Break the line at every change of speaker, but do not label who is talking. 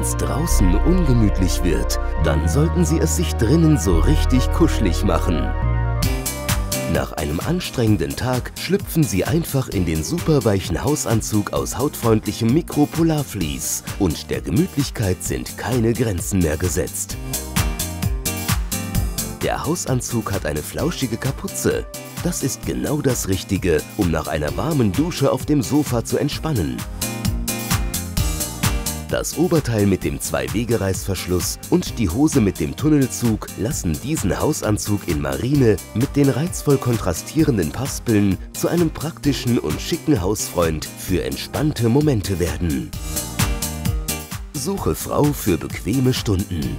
Wenn's draußen ungemütlich wird, dann sollten Sie es sich drinnen so richtig kuschelig machen. Nach einem anstrengenden Tag schlüpfen Sie einfach in den superweichen Hausanzug aus hautfreundlichem Mikropolarvlies und der Gemütlichkeit sind keine Grenzen mehr gesetzt. Der Hausanzug hat eine flauschige Kapuze. Das ist genau das Richtige, um nach einer warmen Dusche auf dem Sofa zu entspannen. Das Oberteil mit dem Zwei-Wege-Reißverschluss und die Hose mit dem Tunnelzug lassen diesen Hausanzug in Marine mit den reizvoll kontrastierenden Paspeln zu einem praktischen und schicken Hausfreund für entspannte Momente werden. Suche Frau für bequeme Stunden.